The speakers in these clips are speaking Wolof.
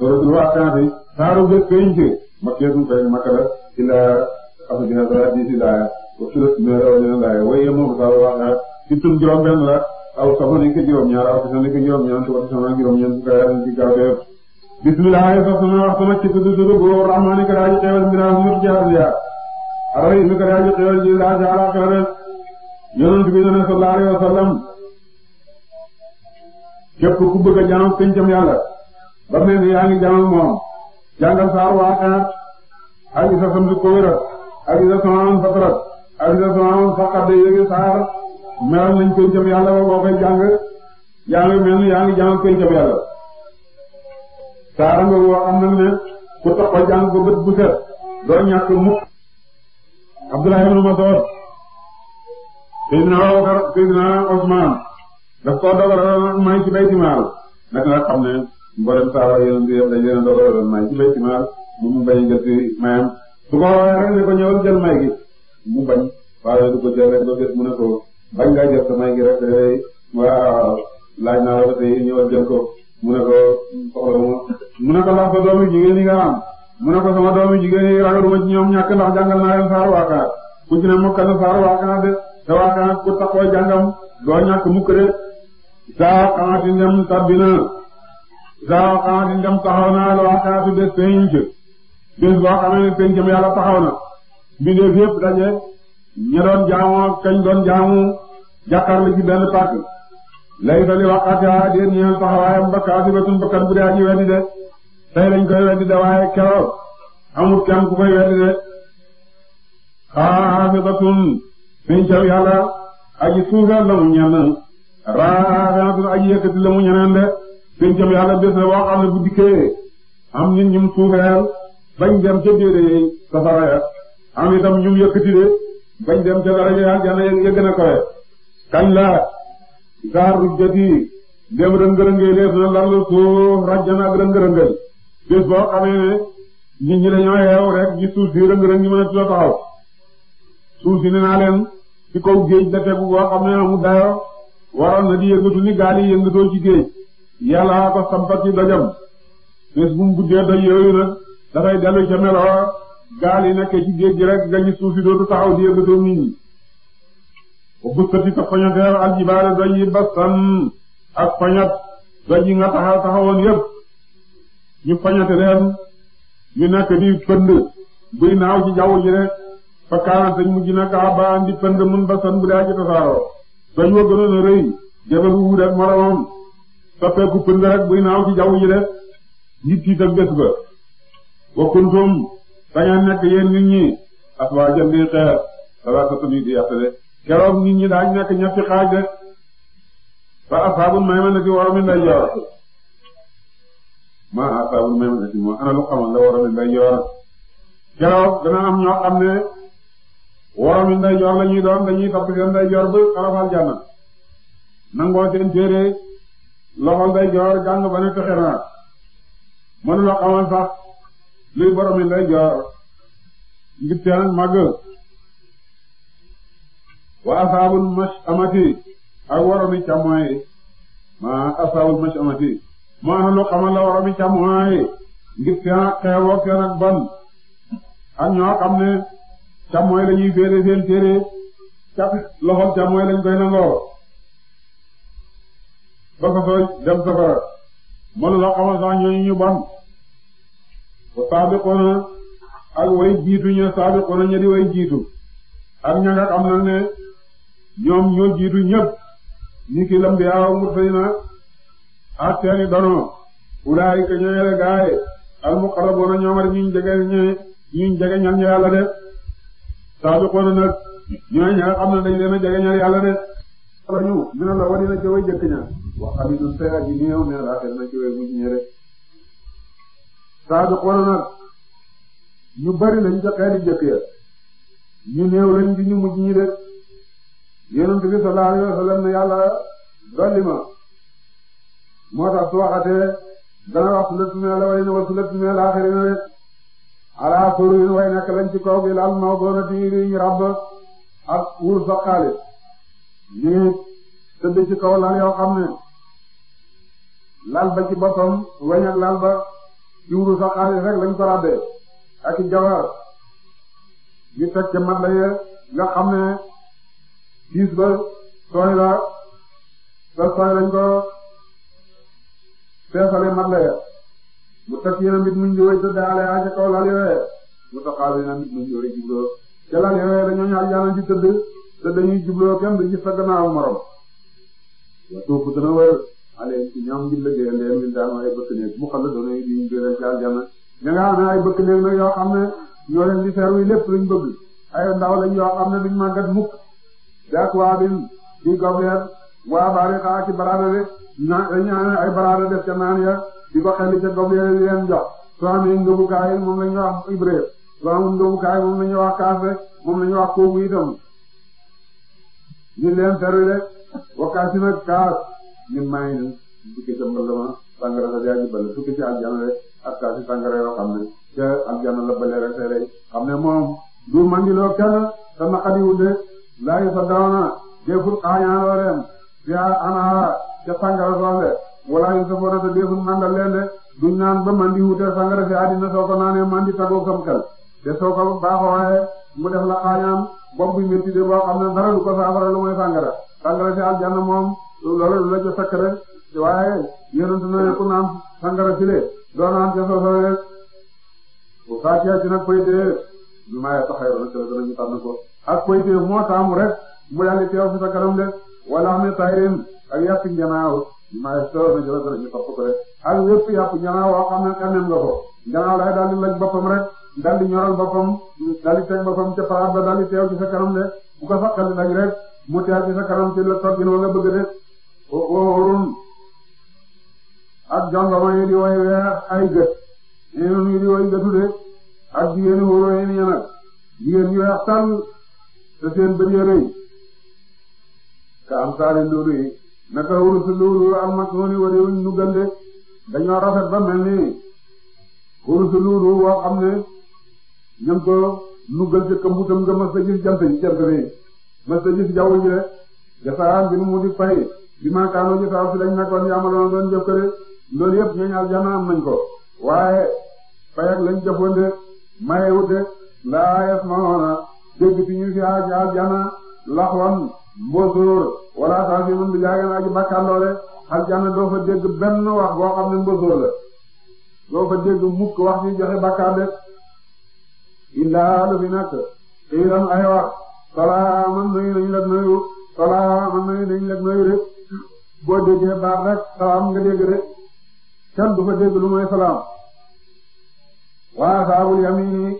loolu du waa Kanté saaru bés pénc ma keesu fay makka la ci la affaire bi di si laaya wa kilo si mère wala laaya waaye moom saaru wax na ci tum juróom-benn la aw sama nekk juróom-ñaar aw sama nekk juróom-ñaar aw sama juróom-ñeent kaya lañ ci gaaw dee. bisimilah yow sax sama wax sama ci tudd tudd bu wóor rahmaani ka daal di xewal mbir ak mbir jaar jaar arabe yi ka daal di xewal ji laa jaara xewal yonent bi ne sallallahu alayhi wa sallam képp ku bëgg a jaamu pencam yàlla. ba mel ni yaa ngi jàmm moom jàngal saar waa kaat hadisa samsi kowira hadisa samaam fatrat hadisa samaam faqat de yéegi saar meral nañ pencam yàlla ba koy jàng yaa ngi mel yaa ngi jàmm pencam yàlla saara nga woo am na ne ku tax ko ko bët bu set doo ñàkk mukk Abdullah ibn Mas'ud Seydina Abubakar Seydina Usman daf koo dogal may ci baytimaal nag la xam ne mboolem saaba yonent bi yëpp dañ leen may ci béy ci maal mu bañ a jël ci mayam su ko rek ne ko ñëwal jël may gi mu bañ waaye du ko jël rek doo mu ne ko bañ ngaa jël sa may gi rek day waaw laaj naa la ba tey ñëwal jël ko mu ne ko soxla mu ne ko ndax sa doomu jigéen yi am mu ne ko sama doomu jigéen yi ragaluma ci ñoom ñàkk ndax jàngal naa leen saar waakaar ku ci ne na saar waakaar de te waakaar ku taxoo jàngam doo ñàkk mukk de saa xamante gaaw xanaa di dem taxaw na la waxtaatu bés penc bés boo xam ne pencam yàlla taxaw na mbindeef yépp daje ña doon jaamoo kañ doon jaamu jàkkaarlu ci benn pàkk lay tali waxaat déet ñeel taxawaayam ba kaasibatun bakkan bu dee aji weddi de tey lañ koy weddi de waaye keroog amul kenn ku koy weddi de xaasibatun pencam yàlla aji suufeel la mu ñenn raaxeetun aji yëkkati la ñeneen de pencam yàlla bés la boo xam ne bu dikkee am nit ñum suufeel bañ dem ca déedéey safara ya am itam ñum yëkkati de bañ dem ca dara ja jana ya gën a kowe kañ la gaar rujjati dem rëngërëngee lees na lal suuf rajjana ak rëngërëngël bés boo xamee ne nit ñi dañoo yeew rek ñi suuf si rëng-rëng ñi mën a tula taxaw suuf si ne naa leen ci kaw géej da tegu boo xam ne amu dayo waroon na di yëngatu ni gaal yi yëngatoo ci géej yàllaa ko sampa ci dojam bés bu mu guddee doj yooyu nag dafay dellu ca meloo gaal yi nekk ci géej gi rek nga ñu suuf si dootu taxaw di yëngatoo nit ñi ba bëstati ñu nekk di pënd buy naaw ci jaww ji rek fa kaana dañ mujj na kaabaan di pënd mun bastan bu dee aji tasaaroo doj wa gënoon a rëy jabalu wuuteek moromam soppeeku pënd rek buy naaw ci jaww ji de nit yi tam bés ba wakkuntum da ngeen nekk yéen nit ñi aswaajan di xeer salaasatun yi di yàtt de keroog nit ñi daañ nekk ñetti xaaj de fa asaabul maymanati wa min ndeyjoor ma asaabul maymanati moo ana lu xamoon la wa min ndeyjoor keroog dana am ñoo xam ne wa min ndeyjoor la ñuy doon dañuy topp seen ndeyjoor ba xarafal jànna nangoo seen téere loxol day joor jàng ba ne texe naa mënula xamal sax luy boromi day joor ngitteen màgg wa asaabul mash ak woromi càmmooy ma asaabul mash amati moo lu xamal la woromi càmmooy ngitteen xeebook seen ak bon ak ñoo xam ne càmmooy lañuy féete seen téere loxol càmmooy lañ koy nangoo ba ko fa dem safara mënu la xamal sax ñooñu ñu bon ba saabiqoona ak way jiitu ña saabiqoona ña di way jiitu ak ña nga xam na ne ñoom ñoo jiitu ñëpp ni ki lambiyaaw mursalina ak seeni dono ulaayika ñooyele gaaye al muqarrabuuna ñoom rek ñuñ jege ñe jege ñal ñu yàlla de saabiqoona nag ñooy ña nga xam ne dañ leen a jege ñal yàlla de lañu mina la wadina ci way jëkk ña waxali du seet yi néew mais rafet na ci way bu ñu rek saadu xool nag ñu bari lañ ca xeeti jëkk ya ñu néew lañ bi ñu mujj ñi de yonent bi sallallahu alayhi wasallam ne moo tax su waxatee dana na wa sulet mee la axiri na rek alaa sururin way nekk lañ ci kaw gi laal maw doona ak wur sa xaalis nii tëdd ci kaw lal yoo xam ne lal ba ci boppam weñ ak lal ba ci wuru sa xaalis rek lañ ko rabbee ak ca mat la ye nga ne piis ba sooy la sa sooy lañ ko feesale mat la ye mu teg yéen a mbit muñ jooy tëdd ale a ca kaw lal yooye mu sa xaalis yéen a mbit jubloo ca lal yooye dañoo ñaar jaanan ci tëdd te dañuy jubloo kenn du ci sa gannaawu morom wa tuufu dana wër ale ci ñoom ñu liggéeyal leen ñu daanu ay bëkk néeg mu xam ne doon nañu di jëlee ci aljana ay bëkk néeg nag yoo xam ne ñoo leen di ferwi lépp luñ bëgg ay ndaw lañ yoo xam ne duñ màggat mukk jaak waa bi di gobleer waa baari xaa ci baraada de na dañu amee ay baraada def ca naan ya di ko xelli ca gobleer yi leen jox soo amee ngëbukaay moom lañu wax ibrahim soo amul ngëbukaay moom lañu wax kaase moom lañu wax kooku itam ñu leen ferwi de wakkaasi min maa ngi leen tukki ca Mbalama sangara la yaa ngi bële tukki ci aljana rek ak kaasi sangara yoo xam ne ca aljana la bële rek rek xam ne moom du mandiloo kenn te naqariwul de laay sa dawana deful xaañaa looleem yaa anaara ca sangara soose wala yu safoona te deful mandal leen de naan ba mandi wute sangara fi àddina soo ko mandi tagoo kam kal te soo ko baaxooxee mu def la xaañaam bopp bi métti de boo xam ne dara du ko saafara lu mooy sangara sangara fi loolu lu la ca sakk rek waaye yonent na ku naan sangara si de doo naan ca rek bu faatee ci nag poytee bi maye taxay rek la danañu tànn ko ak poytee moo taamu rek mu yàlla teew fi sa kanam de wala am ne tayrin ak yàpp njanaaw bi maye soo na ci la danañu topp ko rek ak yëpp ko rek daal di ñoral boppam daal di teg boppam ca paab ba daal di teew ci sa rek mu teew ci sa kanam ci la toggin wa nga bëgg de wóorul ak jàngoro yi di way weer ay gët ñeneen ñi di way gëtu de ak jigéen ñi wóoroo yi nii nag jigéen ñi weex tàll te seen bët ya rëy ka am saali luulu yi naka wurus luulu am na soo ni waree ñu gande dañoo rafet ba mel ni wurus luulu boo xam ne ñam ko nu gën ca këmbutam nga mas a gis jant ji jant bi mas a gis jaww ji rek gasaan bi mu di fay. bi ma kaanu ñu taw si lañ nekkoon ñu doon jëf kër loolu yëpp ñooñu aljana am ko waaye fayak lañ jëfoon de maye wut de laa yasmauna dégg fi ñu fi aaj aljana laxwan mbosóor wala saa fi mun bi jaageen aji bakkandoole aljana doo fa dégg benn wax boo xam ne mbosóor la doo fa dégg mukk wax ci joxe bakkaar de illaa lu fi nekk xiiran ay wax salaaman nuyu nañ la nuyu salaaman nuyu nañ la nuyu rek boo déggee baax rek salaam nga dégg rek kenn du fa salaam waa saabul yamini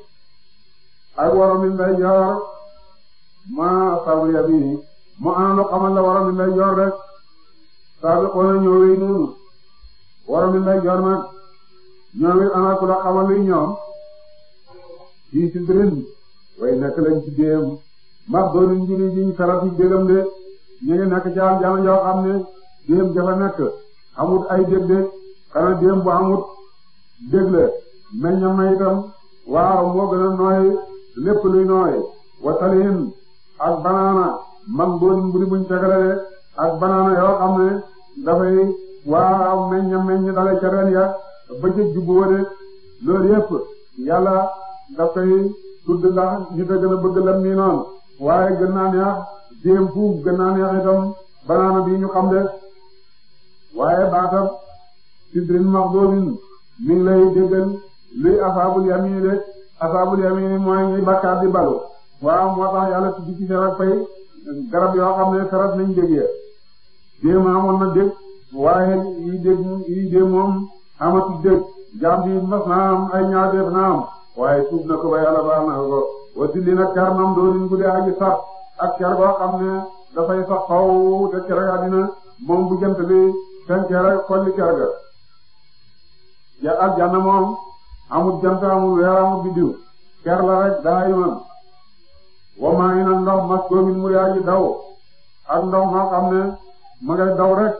ak waroom yi nday joor ma saabul yamini mu am lu xamal la waroom yi nday joor rek saabi xoona ñëwee noonu waroom yi joor nag ñoom ana ku la xamal ñoom fii si drin way nekk lañ ci déem max doonu njiri jiñ sarat yi dégam de ñu ngi nekk ci aljana yoo xam ne déem jafa nekk amut ay dég-dég xanaa déem bu amut dég la meññam itam waaw moo gën a nooy lépp luy nooy wataliin ak banaana man boon mburi buñ tegalale ak banaana yoo xam ne dafay waaw meññam meññ dale ca ren ya ba ca jubbu de loolu yëpp yàlla daf tudd ndax ñu te gën bëgg lam nii waaye gën naa neex déem fuuf gën naa neex itam banaana bi ñu xam de waaye baatam sidrin maxdubin mi ngi lay déggal luy asaabul yamin de asaabul yamin mooy ñi bakkaat di balu waaw a tax yàlla tuddi ci seen ak fay garab yoo xam ne sarat nañ déggee déem amoon na dégg waaye yi yi dégg moom amatu dégg jaam bi mas naa am ay ñaaw def naa am waaye tuub na ko ba yàlla na ko wa dilli nag car mam doonin bu dee aji sax ak car boo xam ne dafay sax faw te car àddina moom bu jant bi fen kere xolli ker ga ja ak janna moom amul jant amul weer amul biddiw ker la rek daa iman wa maa ngi na ndox mas koomin mu yaa ji daw ak ndox maa xam ne ma ngay daw rek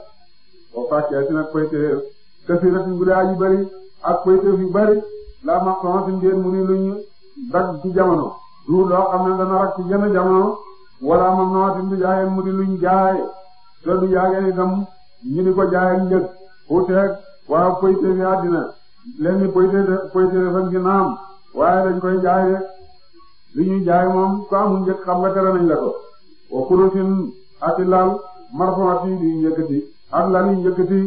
wa fàkkee si nag pëytéef kasiratin bu yaa ji bari ak pëytéef yu bari laa ma sonatin ndeen mu ni luñu dag ci jamono du loo xam ne dana rak ci jenn jamono wala ma nootin du jaayeen mu di luñ jaay te du yaagee itam ñu di ko jaayee njëg wuuteeg waaw fi àddina lenni poyte poyte fan gi naam waaye dañ koy jaay rek li ñuy jaay moom ku amul njëg xam tere nañ la ko wa kurusin ak i laal marfon yi ñuy yëkkati ak lal yi yëkkati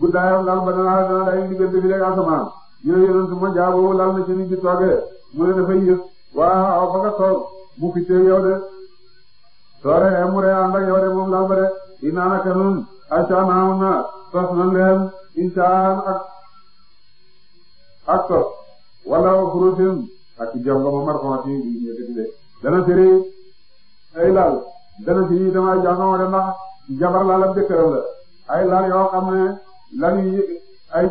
guddaayam lal ba danaa dana day diggante bi rek asamaan ñu ne yonent ma jaaboo lal na ci nit ci mu ne dafay yëg waaw fa nga toog bu fittee yow de soore mu ree ànd ak de moom lal ba de i naanaka nun acanaam na sos na leen insaan ak ak sos wala xurusin ak jongoma marxooti yëkkati de dana siri ay lal dana siri itam ay jongoma de jabar la la jëkkëram la ay lal yoo xam ne lan yi ay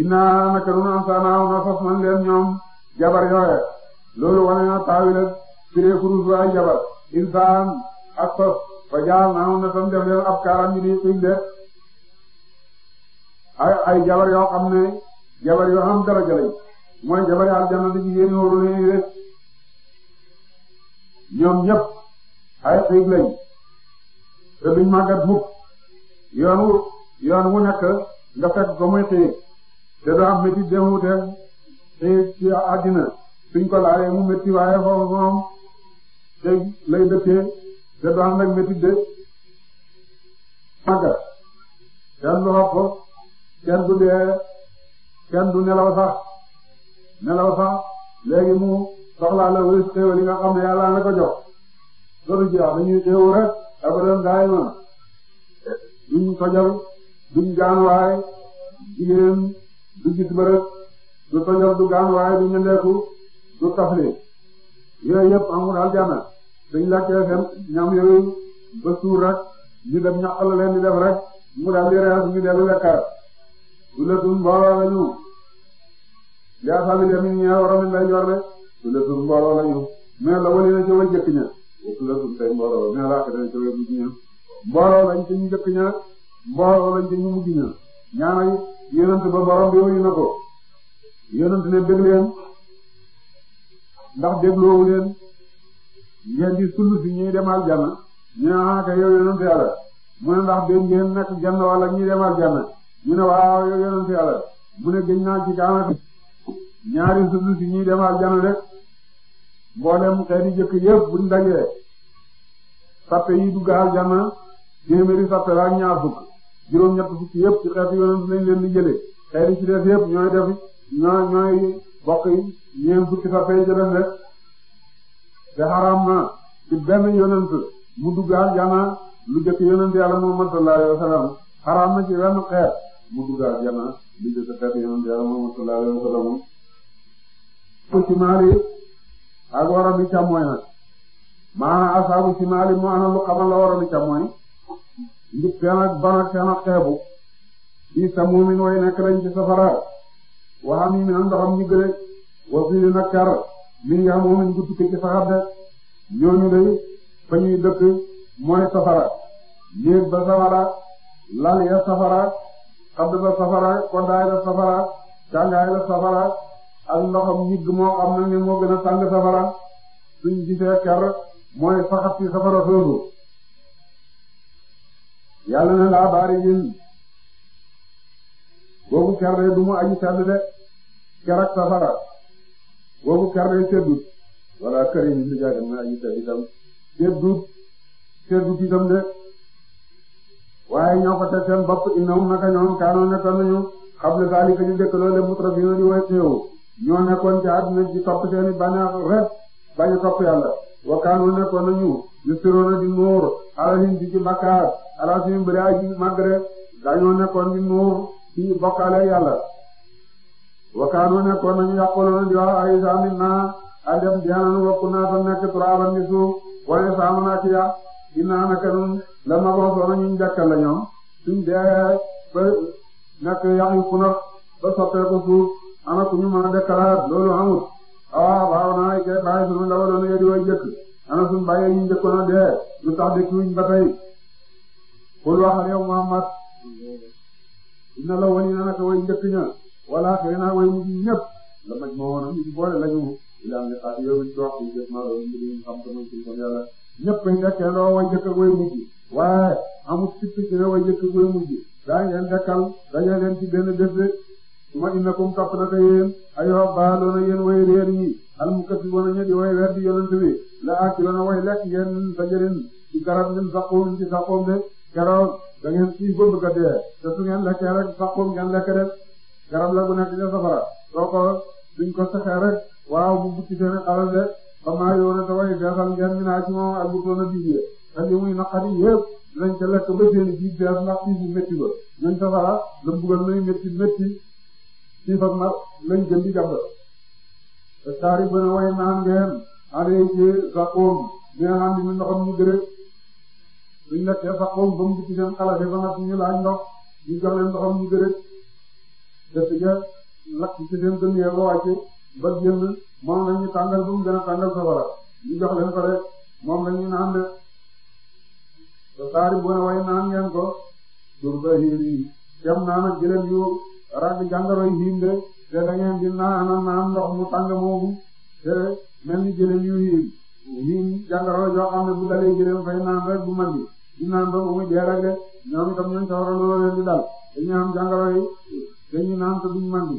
inna naka nu ansaanaaw na sos na leen ñoom jabar yooye loolu wane na taawil ak siri xurusu ay jabar insaan ak sos fa jaal naa na tam leen ab kaaram di xiig de ay jabar yoo xam ne jabar yoo xam daraja lañ mooy jabar yi aljanna di jigéen wóoru lañuy ay xiig lañ te duñ màggat mukk yoon wu nekk nga fekk ko muy xiig doo am métti dem wuute xiig ci àddina suñ ko laalee mu métti waaye foofu moom te lay dëkkee te du ànd ak métit de màggat kenn du xoq kenn du dee kenn du nelaw sax nelaw sax léegi mu soxlaa la wér xéewal li nga xam ne yàlla na ko jox loolu jeex dañuy xéewu rek abadan daay ma duñ tojal duñ gaanwaay jigéen du gis bërëb du tojal du gaanwaay du ñëndeeku du tafli yooyu yëpp amul aljana suñ lakkee seen ñam yooyu ba suur rek ñu dem ñaq la leen di def rek mu daal di rees ñu dellu lekkar su letum mbooloo la ñu li asaabi dem ñu ñëw waroon lay jor de su letum mbooloo la ñu mais la wali na ci way jëkk ña su letum tey mbooloo mais la xëy na ci way mujj ña mbooloo lañ ci ñu jëkk ña mbooloo lañ ci ñu mujj ña ñaanal yonent ba borom bi wuyu na ko yonent ne bëgg ndax dégloowu leen ngeen di sullu si ñuy dem aljanna ñu ne ah kay yow yonent yàlla mu ne ndax dégg ngeen nekk janna wala ñuy dem aljanna ñu ne waaw yow yonent yàlla mu ne gëj naa ci kaana ñaari sullu si ñuy dem aljanna rek mboolem xeeti jëkk yëpp buñ dajee sappe yi dugg aljanna téeméeri sappe la ak ñaar fukk juróom-ñett fukk yëpp ci xeetu yonent lañ leen di jëlee xeeti ci def yëpp ñooy def ñooy. mbokk yi ñeen fukki sa fay jëlef de te xaraam na ci benn yonent mu dugg aljana lu jëkk yonent yàlla Muhammad sallallahu alayhi wasallam xaraam na ci wenn xeet mu dugg aljana lu jëkk xeet yonent yàlla Muhammad sallallahu alayhi wasallam ko ci maali ak waram yi càmmooy nag maana asaabu ci maali moo ana lu xamal la waram yi càmmooy ndik seen ak ban ak ak xeebu fii samuumin way nekk lañ ci safara waxam yi meen ndoxam ñu gële wasiiri nag kar min nga moom lañ ko tukkee ci saxar de ñooñu day fa ñuy dëkk mooy safara néeg ba safara lal ya safara xadd ba safara koddaay ba safara càngaay ba safara ak ndoxam ñigg moo xam na ne moo gën a tàng safara suñ gisee kar mooy faxat ci safara soosu yàlla ne laa baari jin boobu ker de du mu aji sedd de ker ak safara boobu ker de seddut walla kër yi ni jaagam aji sedd itam seddut seddut itam de waaye ñoo ko teg seen bopp innahum naka ñoom kaanoon nekkoon nañu xable zalika di dëkk loolu mutrafiina di way teew ñoo nekkoon ci àdduna di topp seeni bànneex rek bañ a topp yàlla wa kaanoon nekkoon nañu yusiruuna di nuur alahim di ci bakkaar ala aji màgg rek dañoo nekkoon di nuur ci bokkaale yàlla wakaano nekkoon nañu di wax ay saa mit naa adem diyaananu wakku naa ta nekk turaaban ni suuf wane saamu naa ci yàq la magoosoo nañu njàkkal la ñoom suñ dee ba nekk yàq yu punax ba ana ku ñu mën a dekkalaat loolu amut awa waaw naa ay kay bàyyi sunu lawa doon yee di way jëkk ana suñ bàyyee ñu njëkkoon a dee lu tax dëkkiwuñ ba tey xul waxal yow Muhammad dina la wane na naka way njëkk wala xëy na way mujj ñëpp la maj ma woon ñu boole lañu ilaa ngi xaar yow ci wax bi jëf naa loolu ñu xam sama ci ko yàlla ñëpp ay dekkee loo way dekkal dañu ci benn bés de su ma innakum topp na ko yéen ayoo baaloona yéen way réer ñi almukasiboona ña di la akiloona way lekk ngeen sa jëriñ ci garab ñun saqoom ci saqoom de da ngeen siif ba bëgg a dee te su ngeen lekkee rek saqum ngeen la bu nekk ca safara soo ko duñ ko saxee rek waaw bu bukki seen alal de ba maa yoona te way ngeen mi naa ci moom ak bu toona diigee te li muy naqari yépp lañ ca lekk ba seen jiib fees ndax siif bu métti ba ñun safara la buggal muy métti métti siif ak mar lañ gën di jàpp te taari bana way naan ngeen ale ci saqum bi nga xam ne mi ndoxam ñu gërëm suñ lekkee saxoon ba mu dugg seen xalaat ba nga suñu laaj ndox ñu jox leen ndoxam ñu gërëm def ca lakk ci seen dënnu yàlla ba génn moom la ñu tàngal ba mu gën a tàngal safara ñu jox leen ko rek moom la naan de te saa ri bu ne naan ngeen ko tur ba hiir yi naan ak jëleen yu ràgg jàngoro yi hiin de te di naan naan ndox mu tàng moomu te mel ni jëleen yu hiin hiin jàngoro joo xam ne bu dalee jëleen fay naan rek bu mandi naan ba mu de ñoom itam ñoom sawara looloo di dal dañuy am jàngoro yi dañuy naan te duñ mandi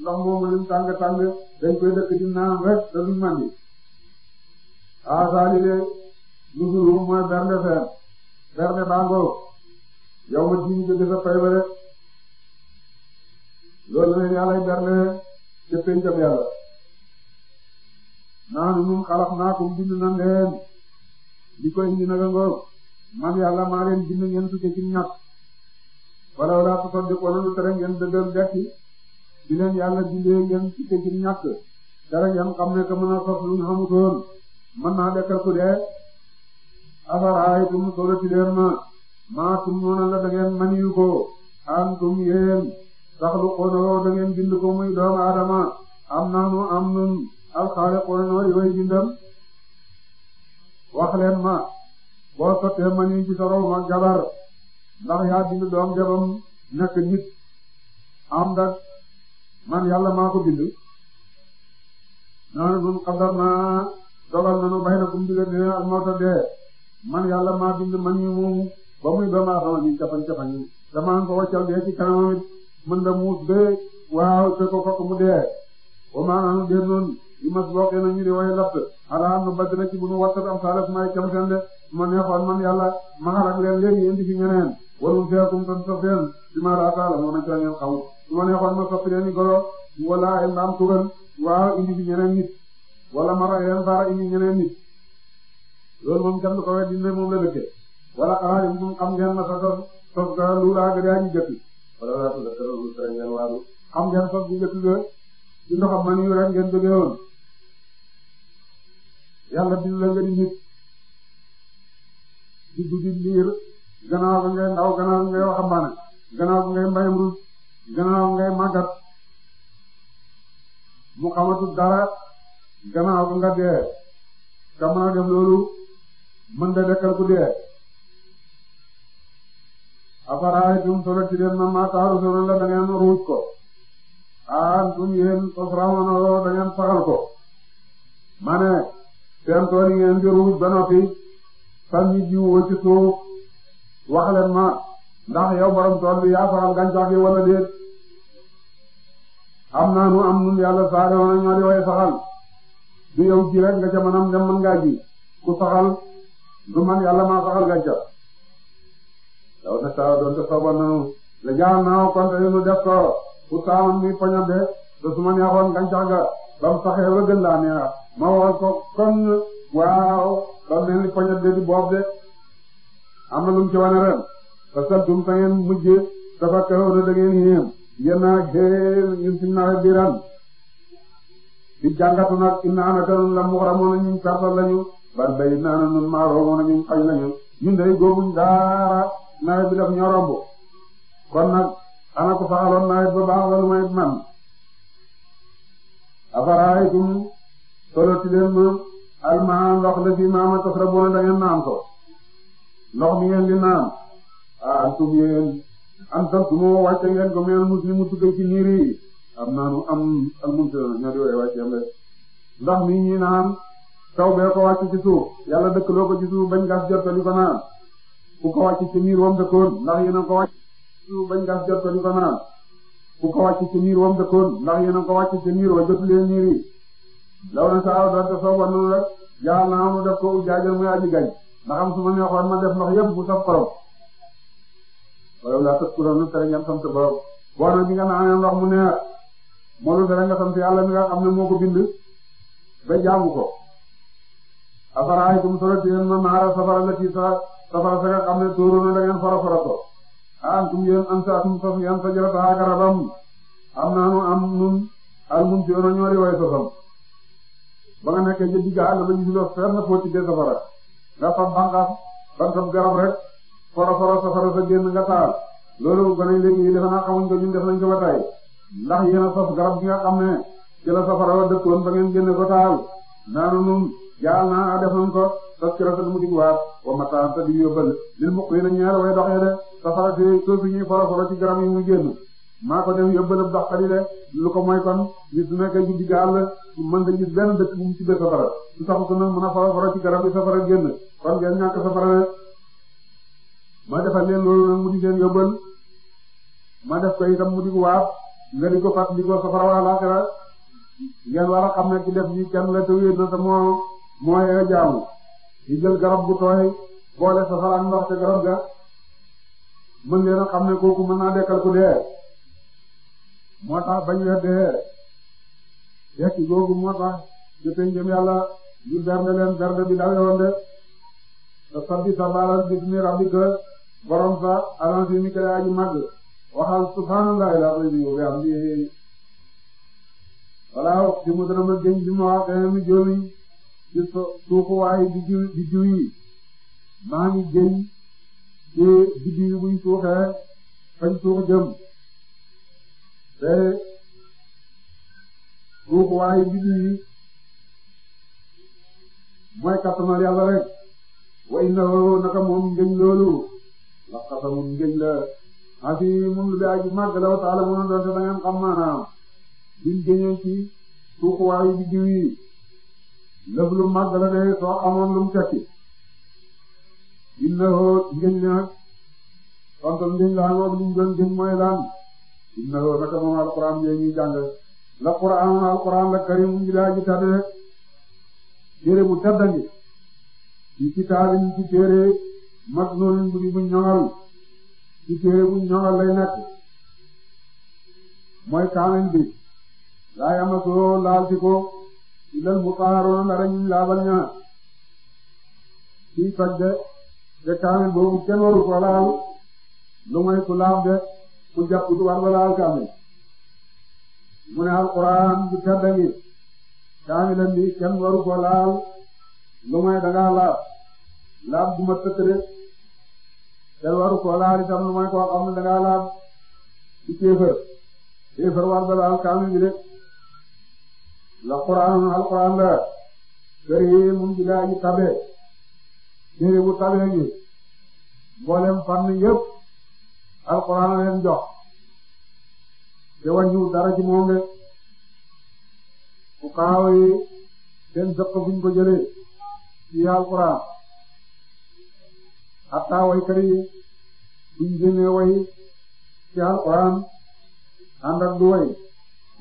ndox moomu lim tàng tàng dañ koy dëkk di naan rek te mandi ah saa li de mooy bernde fer bernde bàngoo yow ma diini jóge sa pay ba rek loolu leen yàlla bernde ca pencam yàlla naan ñun xalaq naa ko bind na leen li koy indi naka ngoog man yàlla maa leen bind ngeen tukkee ci ñàkk wala wala su ko lu tere ngeen dëgër dekki di yàlla bindee ngeen tukkee ci ñàkk dara ngeen xam ne que mën a sos lu ñu xamutoon mën naa dekkal ku dee afaraayitum solati leen ma maa tum noona la da ngeen maniyu ko antum yéen taxluqoonahu da ngeen bind ko muy doomu aadama am nanu am nun alxaaliqoona way bindam wax leen ma boo sottee mani ci sorow ma jabar yaa bind doom jabam nekk nit am dak man yàlla maa ko bind noonu nun xadar naa dogal nanu bay na kum diggante al mawta dee man yàlla maa bind man yi moom ba muy doomu aadama bi cafañ cafañ dama ko waccal dee ci kanamam it muut bee waaw te ko fokk dee wa maanaam dee noonu yi mas bokkee na ñu di way laft xaraam nu badd bu nu wattat am saalaf may cam seen ma neexoon man yàlla ma xalak leen léegi yéen di fi ñeneen warul feekum tan sof leen bi moo na ca ngeen xamul su ma neexoon ma soppi leen golo wala indi fi ñeneen nit wala ma rey faara indi ñeneen nit loolu moom kenn ko weddi ne moom la dëkke wala xaalim moom xam ngeen na sasar sof ga lu laa gëdaa ñu jëkki wala laa tuda kërlu sere ngeen waalu xam ngeen sof bu jëkki ga ci ndoxam man yu rek ngeen jógewoon yàlla di di liir gannaaw ba ngay ndaw gannaaw ba ngay waxambaane gannaaw ba ngay mbayam ruus gannaaw ngay màggat mu xamatu dara gannaaw ba nga dee te mën a def loolu mën da dekkal ku dee afaraayitum solo ci leen na ma taaru solo la da ngeen ruuj ko aantum yéen tosramoon a da ngeen saxal ko ma ne seen tool yi ngeen di ruuj ba noppi sànni jiw wa ci suuf wax ma ndax yow borom tool bi yaa faral gàncax gi wala déet am naa am nun yàlla saa de woon ñoo di way saxal du yow ji manam dem mën ngaa ku saxal du man yàlla maa saxal gàncax daw na saa doon te nanu la jaar naa konte nu def ko ku saaman mi poñade te su ma neexoon gàncax ga ba mu saxee gën laa ma waxal ko kon waaw ba mel ni poñet de di boob de am na fa saltum ta ngeen mujj dafa kaw na da ngeen yéem yéen nag xëy ñun suñu nawet bi ren di jàngatu nag inna anaka nun la muxramoon ñun lañu ban bay naa nun maaroomoon ñun xaj lañu ñun day góobuñ daara nawet bi daf ñoo romb kon nag ana ko faxaloon ba baax la lu may man afaraayitum solo ci leen ma almaa ndox la fi maama tasrabuuna da ngeen naan ko ndox mi ngeen di naan ah antum yéen am sax du ma woo wàcce ngeen ko mel muslimu tukkee ci niir am naanu am al mumtana ñoo di wooye wàcce am rek ndox naan taw bee ko wàcc ci suuf yàlla dëkkaloo ko ci suuf bañ gas jot ko di ko naan ku ko wàcc ci niir wam dëkkoon ndax yéen a ko wàcc ci ko di ci niir wam leen niir law na saaw doonte sooboon nanu rek jaal naa mu def gañ ndaxam su ma def ndox yëpp bu saf xorom wala laa tës kuréel tere ngeen sant borom boo nag bi nga naanee ndox mu neex moo lu mi nga xam ne moo ko bind ba jaamu ko solo ci yéen ma naara safara la ci sa safara sa nga xam ne tóoroona fara fara ko antum yéen am sa atum sos ngeen sa jarataha garabam am naanu am nun al mun ci yoona ñoo di way sosam ba nga nekkee ca digg àll ba gisuloo fenn foo tibbee safara nga fab bànqaaf bantab garab rek foro foro safara sa génn nga taal loolu gone yi léegi defe naa xamuñ ko ñun def nañ ko ba tey ndax yéen a sos garab gi nga xam ne ci la safara wa dëkkoon ba ngeen génne ko taal naanu nun jaal naa def ko sos ci rafet mu dig wa mataan te yóbbal lil muq yi la ñaar safara si suuf foro foro ci garab mu génn maa ko def yóbbal ab doxali lu ko mooy kon gis na ko guddi gaal mën da gis benn dëkk bu mu ci biir safara su taxu ko a fara fara ci garab bi safara génn kon ngeen ñàkk safara ma defal leen loolu nag mu di seen yóbbal ma def ko itam mu di waaf nga di ko fat di ko safara waa laaxira ngeen war a xam ne ci def yi kenn la te wéet na te moo moo xew jaamu di jël garab bu tooy boole safara ak ndox te garab ga mën leen a xam ne kooku mën naa dekkal ku dee moo tax bañ weddee yekki googu moo tax ci penjëm yàlla ñu bernde leen bernde bi dawe woon de te sabbi sabaaral bismi rabbika borom sa alansi mi kale aji màgg waxal subhaanallahi la rabbi wa bihamdihi wala wax ci mu dana ma gën bi ma wax mi joomi ci suuxuwaay di jiw di jiw yi maa ngi gën ci biddi yi buñ suuxee fañ suux jëm te suuf waayu biddi yi mooy kattanal yàlla rek wa inna woo naka moom ngeen loolu ndax xasamul ngeen la xas yi moom lu daal wa taala moom doon te da ngeen xam maanaam waayu biddi yi lëf lu màgg la soo amoon lu mu tekki inna woo ngeen la kontoon ngeen la ak moom liñ doon gën lan. inna woo naka moom alquran yooyu ñuy jàng la quran alquran la karim ji ji tadde téere bu teddangi ci kitaabin ci téere maknun bu bu ñoŋal ci téere bu ñoŋal lay nekk mooy kaamin bi laa yamasoo laal ci ko illal mutahharuun la dañuy laabal ñaa ci faj de te boobu kenn waru ko laal lu mooy ku laab ku jàpput war wala alkaame mu ne alquran bu tedd ngi kaamilan bi kenn waru ko laal lu may da ngaa laal laab bu ma tëkk de te waru ko laal itam lu may koo xam ne da ngaa laab ci kéefër kéefër war ba laal kaamil bi de la quran alquran la kër yi mun bi laa ji tabe téere bu tabe ngi mboolem fànn yëpp alquran a jox te wàññiwul dara ci moom de fuqaaw yi seen sëq buñ ko jëlee ci alquran hatta waykat yi buñ génnee way ci alquran ànd du way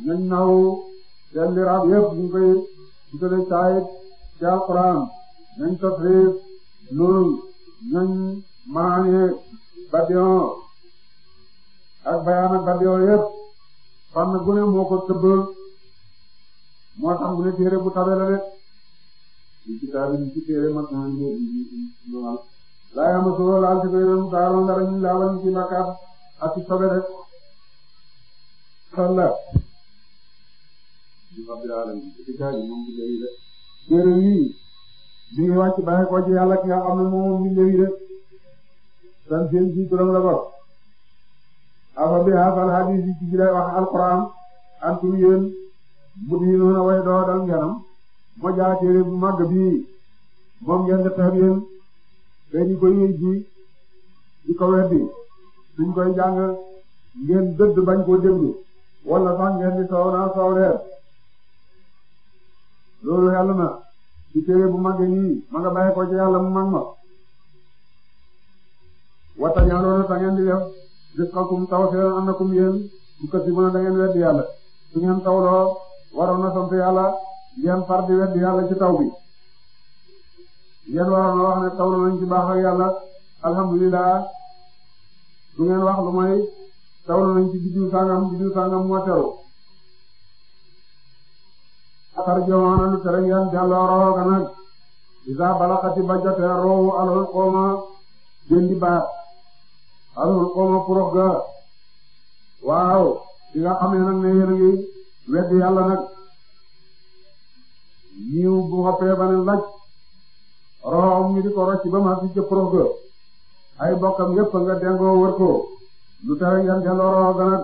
nañ naw seen liraab yëpp buñ koy dugalee saayit ci alquran nañ tasrif loolu nañ maanee badion ak bayaan ak bad yooyu yëpp fànn gu ne moo ko tëbb moo tax mu ne téere bu tabe la de li ci taal li ci téere mat naa ñëw di ñëwal laa yama solo laal ci koy noonu daaloon dara ñu laawal ci bakkaar ak ci sobe rek salla ñu rabbil alamin ci taal moom bi lay de téere yii bi ngi wàcc bàyyi ko ci yàlla ki nga xam ne moom bi lay de san seen ci turam la bokk afa bi hafal hadis yi ci ci lay wax alquran antum yéen mu diinoona way doodal ngenam ma jaatéere bu màgg bii moom ngeen de tax yéen di ko yëy ji di ko weddi suñ koy jàng ngeen dëdd bañ koo déglu wala sax ngeen di soow naa soow reer loolu yàlla na ci téere bu màgg yi ma nga bàyyi ko ci yàlla mu mag ma watañaaloona ta di def rizqakum tawfiran annakum yéen tukazzibuuna da weddi yàlla su ngeen waroon na sant yàlla yéen far weddi yàlla ci taw bi yéen waroon wax ne tawloo nañ ci yàlla alhamdulilah su wax lu may tawloo nañ ci biddiw sangam biddiw sangam moo teru atar jomaana lu tere ngeen jàlloo rooga nag isa balaqati ba jotee roowu alors xawma porox ga waaw di nga xam ne ne yéen a ngi wedd yàlla nag yiw bu xoppee ba ne laj roxom ñu di ko rocc ba ma fi ca ay bokkam yépp nga dengoo wër ko lu tere ngeen delloo roxo ga nag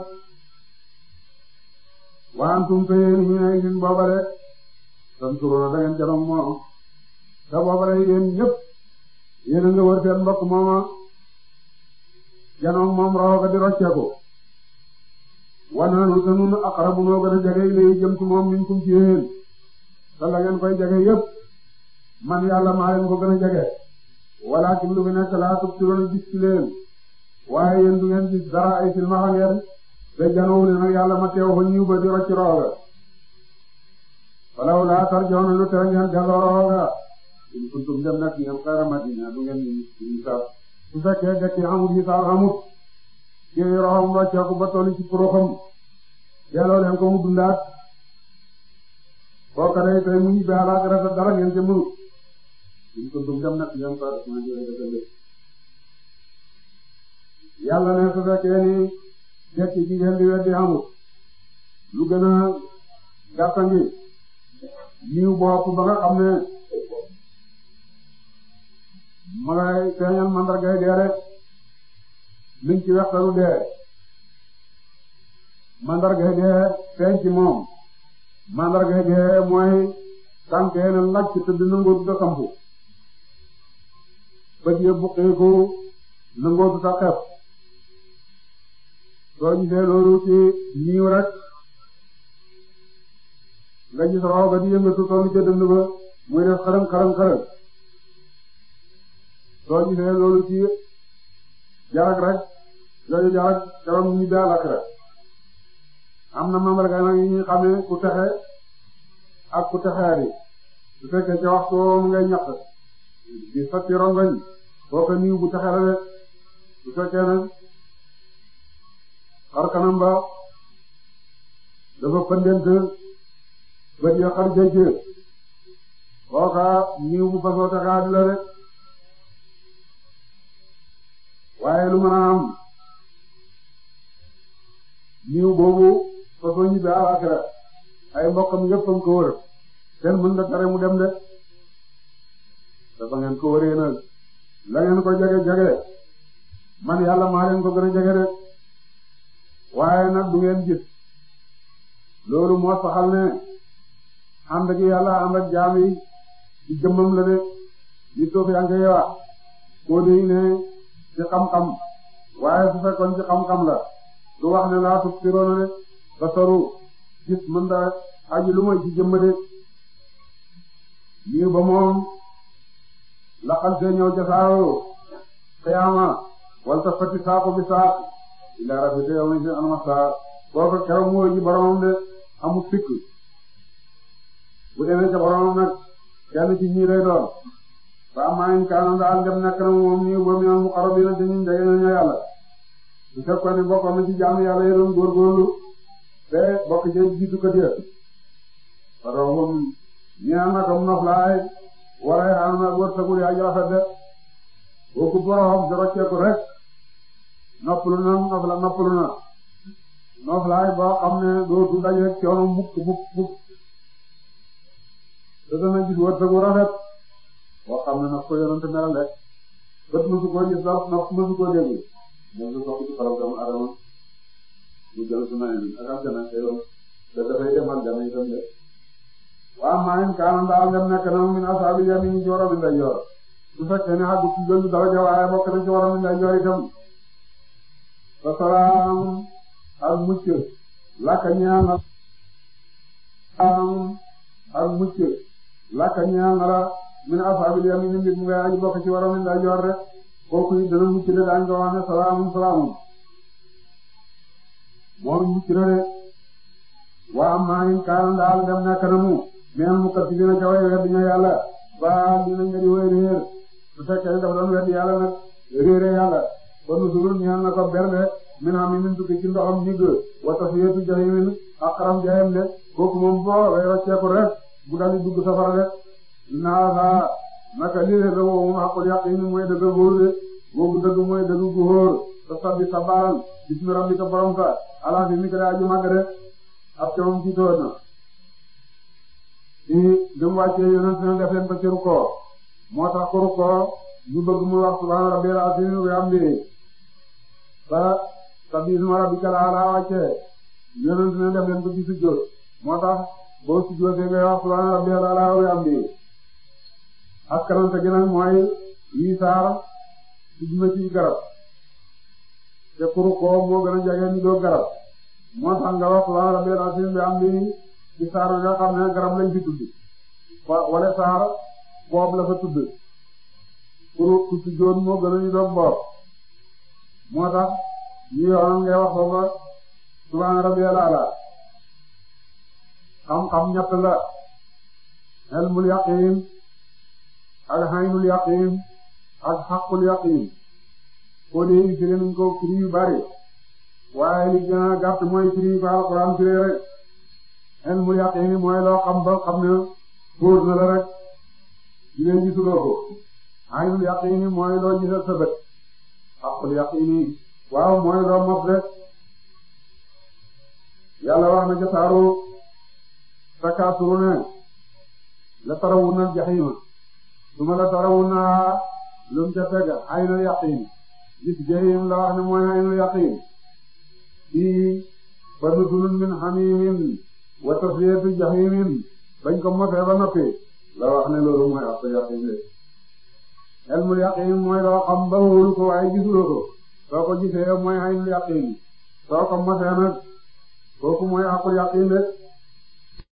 waantum te yéen booba de tan suróona da ngeen janoom moom booba de yéen ñëpp nga wër seen mbokk mooma janoog moom rawaga di rocceeku wanaanu te nun aqrabu noo gën a jege ilay jëm ci moom min kum ci yéen te la ngeen koy jege yépp man yàlla maa leen ko gën a jege walaakin lu fi nekk laa tubsiroon gis ci leen waaye yéen du ngeen gis dara ay silmaxa ngeen te janoowu leen ak yàlla ma teew fa ñiw ba di rocc rawaga falaw laa tarjoona lu te ngeen delloo rawaga in kuntum dem nag ngeen xayra madina du ngeen ñu saab su fekkee dëkk yi amul xisaar amut kii roxam wàcceeku ba toll ci proxam yàlla leen ko mu dundaat boo ko defee mu ñibbi alaaka rafet dara ngeen ca mënut suñ ko dugg dem nag ñoom Sadio Deme di leen dëgg yàlla ne su fekkee ni dëkk yi ngeen di amut lu gën a gàttangi yiw bopp ba nga xam ne. ma ngay feeñal mandargay dee rek liñ ci wextaru dee mandargay dee feeñ ci moom mandargay dee mooy tànkee lacc te di nangootu ta sampu bët ya buqiiku nangootu ta xef soo gisee loolu ci niiw rek nga gis raw ba di yëngatu toll ca dënd ba muy def xërëm xërëm xërëm soo gisee loolu ci jarak rek loolu jarak keroog ñu daal ak rek am na mandarga nag yi ñuy xamee ku texe ak ku texeeri su fekkee ca waxtu woowu ngay ñaq di sotti rongoñ kooku niiw bu texe la su fekkee nag xar kanam ba dafa pëndent bët ya xar jëjjëf kooka niiw bu fasoo texaadi la rek waaye lu mën a am yiw boobu façon ñi ba alaxira ay mbokkam yëpp a ko wër mën na mu dem de dafa ngeen ko ko jege jege man yàlla maa ko gën a jege de waaye nag du ngeen gis loolu moo saxal ne ànd ak yàlla ànd ak jaam jëmmam la de li soof yaa ngi ci xam-xam waaye su fekkoon ci xam-xam la du wax ne laa tub tiroona de basaru gis mën da aji lu moy ci jëmm de lii ba moom laqal see ñëw jasaaro xiyaama wal ta fati saako bi saak ila rabite yow ni si anama saak kooka keroog mooy ji boromam de amul sikk bu demee ca boromam nag kenn ci ñii lay doon ba maa ngi kaana daal gëm nekk na moom ñu ba minal muqarrabiina te ñun jege nañu yàlla bu fekkoon ne na ci jaamu yàlla yi doon góorgóorlu te bokk ci jiitu ko diya fadawhum ñaan na ko mu noflaay wala yaa wërsëgul yaa jaafet de boo ko boroxam dorocceeku rek noppalu na nofla noppalu boo xam ne dootu daje coono mukk mukk mukk te dana gis wërsëgu rafet boo xam ne na ko yonent melal rek bët mësu koo gis dara nopp mësu koo dégg ñoom ñu bokk ci xalam doomu adama ñu jël su mel ni ak aljana te yow da dafay dem aljana itam de waaw maa ngi kaanu ndaal ngeen nekk na min asaabi yamin ci waroon nday joor su fekkee ne xaggu ci jënd dara waaye bokk na ci waroon nday joor itam fa salaam ak mucc lakka ñaan ak mucc lakka ñaan min ashaabil yamiin mbir mu ngay aji bokk ci waroon nañ laa joor rek kooku it dana mucc la daañu ko wax ne salaamun salaamun moom mucc na de waa maa ngi kaanu daal dem nekk na mu meen mu kat bi dina ca way weddi ña yàlla ba dina nga di way réer dafa doon weddi yàlla nag réere yàlla kon nu surul ñaan na ko bernde min am min tukki ci ndoxam jigg wa tasiyatu jahimin aqram jahim de kooku moom boo way wacceeku rek bu dal di dugg naaxa naka lii rek la woowu xaqul yaqiin mooy dëgg góor de boobu dëgg mooy dëgg gu wóor te sabbi sabbaaral bismi rabbika borom ka ala fi mi ka daa ju màgg de ab cawam ci toon na i dum wàccee yonent na defeen ko ci rukkoo moo tax ko rukkoo ñu bëgg mu wax subhaana rabbil azim wa hamdihi ba sabbi isma rabbika la ala wàccee yonent na defeen ko ci sujjóot moo tax boo sujjóotee ngay wax subhaana rabbil ala wa hamdihi askanante gi nag mooy yii saar ci juma ci garab te kuru ko moo gën a jege ni doo garab moo tax nga wax la rabbil azim bi am bi ci saar nga xam ne garab lañ fi tudd wala saar boob la fa tudd kuru ku joon moo gën a ñu doon boob moo tax ñu yoon ngay wax foofa subhaana rabbiyal ala xam-xam ñett la ilmul yaqiin alhaynul yaqiin ak haqqul yaqiin koo dee firi nañ ko firi yu bari waaye li gën a gàtt mooy firi ko alxuraan firi rek ilmul yaqiin mooy loo xam ba xam ne wóor na la rek jigéen gisuloo ko aynul yaqiin mooy loo gisal sa bët haqqul yaqiin waaw mooy loo mos rek yàlla wax na ca saaru takasuru ne la tarawunal jahiima su ma la tarawu naa lu mu ca teg aynul yaqiin gis jahim la wax ne mooy aynul yaqiin fii ba nuzulun min hamiimin wa tasliyatu jahimin bañ ko mosee ba noppi la wax ne loolu mooy ab yaqiin de ilmul yaqiin mooy loo xam ba wóolu ko waaye gisuloo ko soo ko gisee mooy aynul yaqiin soo ko mosee nag kooku mooy ab yaqiin de